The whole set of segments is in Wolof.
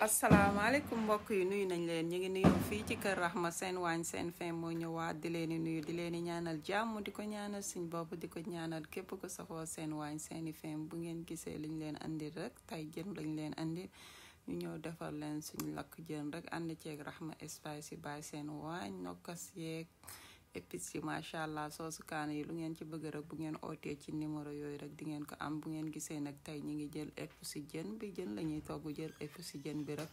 asalaamaaleykum mbokk yi nuyu nañ leen ñu ngi nuyu fii ci kër Rahma seen waañ seen fin moo ñëwaat di leen nuyu di leen ñaanal jàmm di ko ñaanal suñ bopp di ko ñaanal képp ko saxoo seen waañ seeni fin bu ngeen gisee lañ leen andil rek tey jën lañ leen andil ñu ñëw defar leen suñ lakk jën rek ànd ceeg Rahma Espace yi bàyyi seen waañ nokkas yeeg épices yi macha allah soosu kaane yi lu ngeen ci bëgg rek bu ngeen ootee ci numéro yooyu rek di ngeen ko am bu ngeen gisee nag tey ñi ngi jël épice jën bi jën la ñuy togg jël épice jën bi rek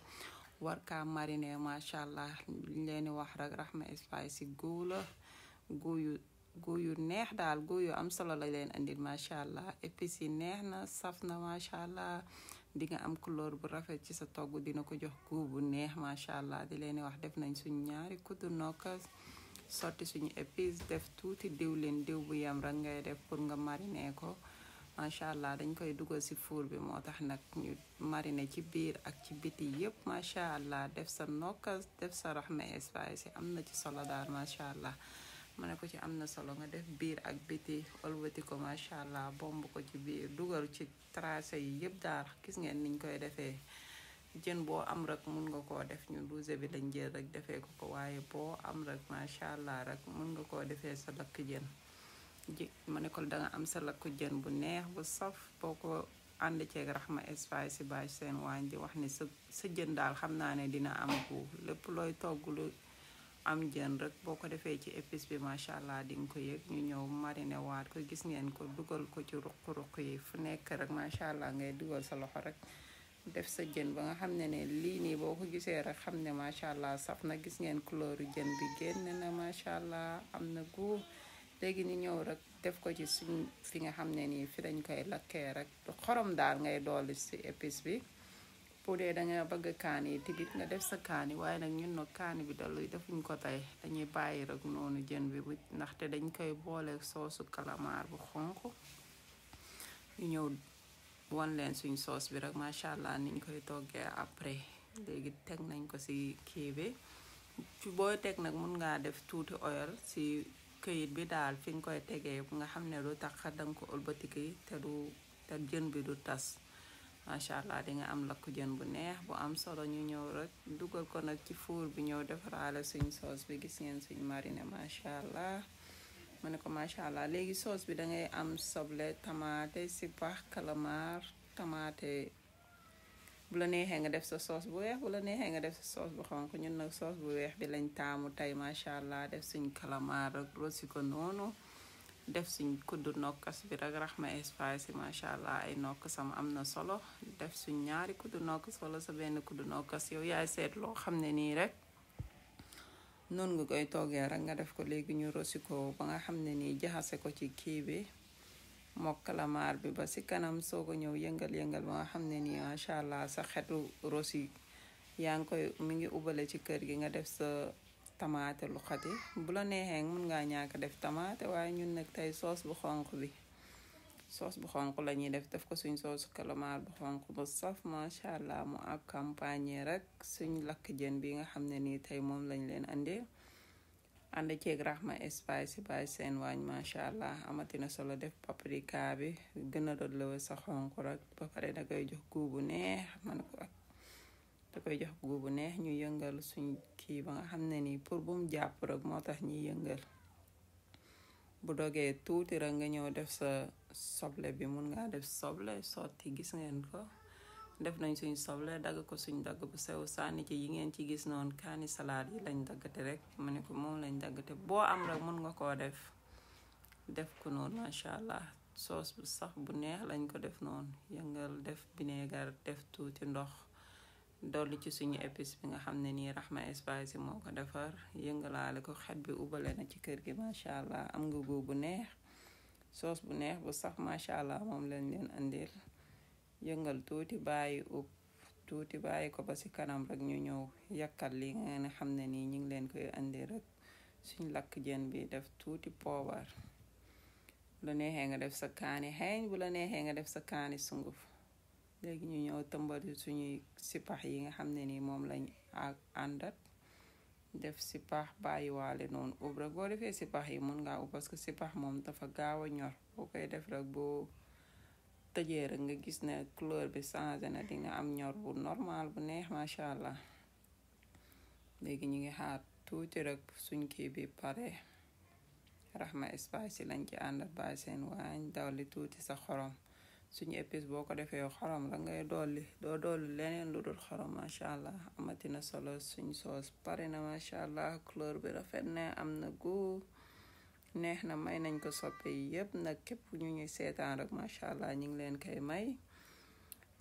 war kaa mariner macha allah liñ leen di wax rek Rahma Spices guu la guu yu guu yu neex daal guu yu am solo la leen andil macha allah épices yi neex na saf na macha allah di nga am couleur bu rafet ci sa togg dina ko jox guu bu neex macha allah di leen di wax def nañ suñ ñaari kuddu nokkas sorti suñu épices def tuuti diwlin diw bu yam rek ngay def pour nga mariner ko macha allah dañ koy dugal ci fuur bi moo tax nag ñu mariner ci biir ak ci biti yëpp macha allah def sa nokkas def sa raxma spice am na ci solo daal macha allah ma ne ko ci am na solo nga def biir ak biti ëlbati ko macha allah bomb ko ci biir dugal ci tracé yi yëpp daal kis ngeen niñ koy defee. jën boo am rek mun nga koo def ñu douze bi lañ jël rek defee ko ko waaye boo am rek macha allah rek mun nga koo defee sa lakk jën ji ma ne ko danga am sa lakk jën bu neex bu saf boo ko ànd ceeg Rahma Espace si bâche seen waañ di wax ni sa sa jën daal xam naa ne dina am gu lépp looy togg lu am jën rek boo ko defee ci épice bi macha allah di nga ko yëg ñu ñëw mariner waat ko gis ngeen ko dugal ko ci ruq-ruq yi fu nekk rek macha allah ngay dugal sa loxo rek. def sa jën ba nga xam ne ne lii nii boo ko gisee rek xam ne macha allah saf na gis ngeen couleur jën bi génn na macha allah am na guub léegi ni ñëw rek def ko ci suñ fi nga xam ne nii fi dañ koy lakkee rek xorom daal ngay dolli si épice bi pour dee da nga bëgg kaani tibit nga def sa kaani waaye nag ñun nag kaani bi dalu defuñ ko tey dañuy bàyyi rek noonu jën bi bu ndaxte dañ koy booleeg soosu calamar bu xonq ñu ñëw wan leen suñ soos bi rek macha allah niñ koy toggee après léegi teg nañ ko si kii bi booy teg nag mun ngaa def tuuti oil si këyit bi daal fi koy tegee bu nga xam ne du tax danga ko ëlbatiki te du te jën bi du tas macha allah di nga am lakk jën bu neex bu am solo ñu ñëw rek dugal ko nag ci fuur bi ñëw defaraale suñ soos bi gis ngeen suñ marine macha allah ma ne ko macha allah léegi soos bi da ngay am soble tamaate sipax calamar tamaate bu la neexee nga def sa sauce bu weex bu la neexee nga def sa bu xonk ñun nag sauce bu weex bi lañ taamu tey macha allah def suñ calamar ak rosi ko noonu def suñ kuddu nokkas bi rek raxma espace macha allah ay nokk sama am na solo def suñ ñaari kuddu nokkas wala sa benn kuddu nokkas yow yaay seet loo xam ne nii rek. noonu nga koy toogee rek nga def ko léegi ñu rosi ko ba nga xam ne nii jaxase ko ci kii bi mook kalamaar bi ba si kanam soog a ñëw yëngal-yëngal ba nga xam ne nii macha allah sa xetu rosi yaa ngi koy mu ngi ubale ci kër gi nga def sa tamaate lu xati bu la neexee mun ngaa ñaaka def tamaate waaye ñun nag tey soos bu xonq bi soos bu xonq la ñuy def def ko suñ soosu kalamaar bu xonq bu saf macha allah mu accompagné rek suñ lakk jën bi nga xam ne nii tey moom lañ leen andi ànd ceeg raxma espace bay seen waañ macha allah amatina solo def paprika bi gën a doon lëwe sa xonq rek ba pare da koy jox guubu neex man ko da koy jox guubu neex ñu yëngal suñ kii ba nga xam ne nii pour bu mu jàpp rek moo tax ñuy yëngal. bu dogee tuuti rek nga ñëw def sa soble bi mun ngaa def soble sotti gis ngeen ko def nañ suñ soble dagg ko suñ dagg bu sew sànni ci yi ngeen ci gis noonu kaani salaat yi lañ daggate rek mu ne moom lañ daggate boo am rek mun nga koo def def ko noonu macha allah soos bu sax bu neex lañ ko def noonu yëngal def bineegar def tuuti ndox dolli ci suñu épice bi nga xam ne nii Rahma Espace moo ko defar yëngalaale ko xet bi ubale na ci kër gi macha allah am nga góob bu neex soos bu neex bu sax macha allah moom leen leen andil yëngal tuuti bàyyi ub tuuti bàyyi ko ba si kanam rek ñu ñëw yàkkal li nga xam ne nii ñu ngi leen koy andi rek suñ lakk jën bi def tuuti poobar bu la neexee nga def sa kaani xeeñ bu la neexee nga def sa kaani sunguf léegi ñu ñëw tëmbali suñuy sipax yi nga xam ne nii moom lañ ak àndat def sipax bàyyiwaale noonu non ubra boo defee sipax yi mun ngaa ub parce que sipax moom dafa gaaw a ñor boo koy def rek boo tëjee rek nga gis ne couleur bi changé na di nga am ñor bu normal bu neex macha allah léegi ñu ngi xaar tuuti rek suñ kii bi pare Rahma Espace lañ ci àndat bàyyi seen waañ dawli tuuti sa xorom suñu épice boo ko defee xorom la ngay dolli doo dolli leneen lu dul xorom macha allah amatina solo suñ soos pare na macha allah couleur bi rafet na am na goût neex na may nañ ko soppe yëpp nag képp ñu ñuy seetaan rek macha allah ñu ngi leen koy may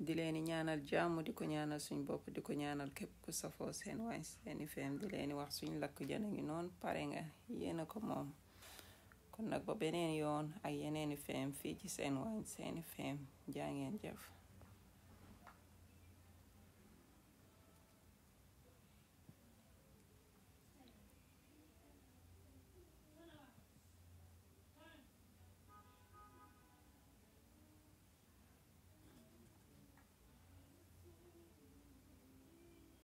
di leen ñaanal jàmm di ko ñaanal suñ bopp di ko ñaanal képp ku safoo seen wañ seeni feem di leen wax suñ lakk jana ngi noonu pare nga yéena ko moom kon nag ba beneen yoon ak yeneeni feem fii ci seen waañ seeni feem jaa ngeen jëf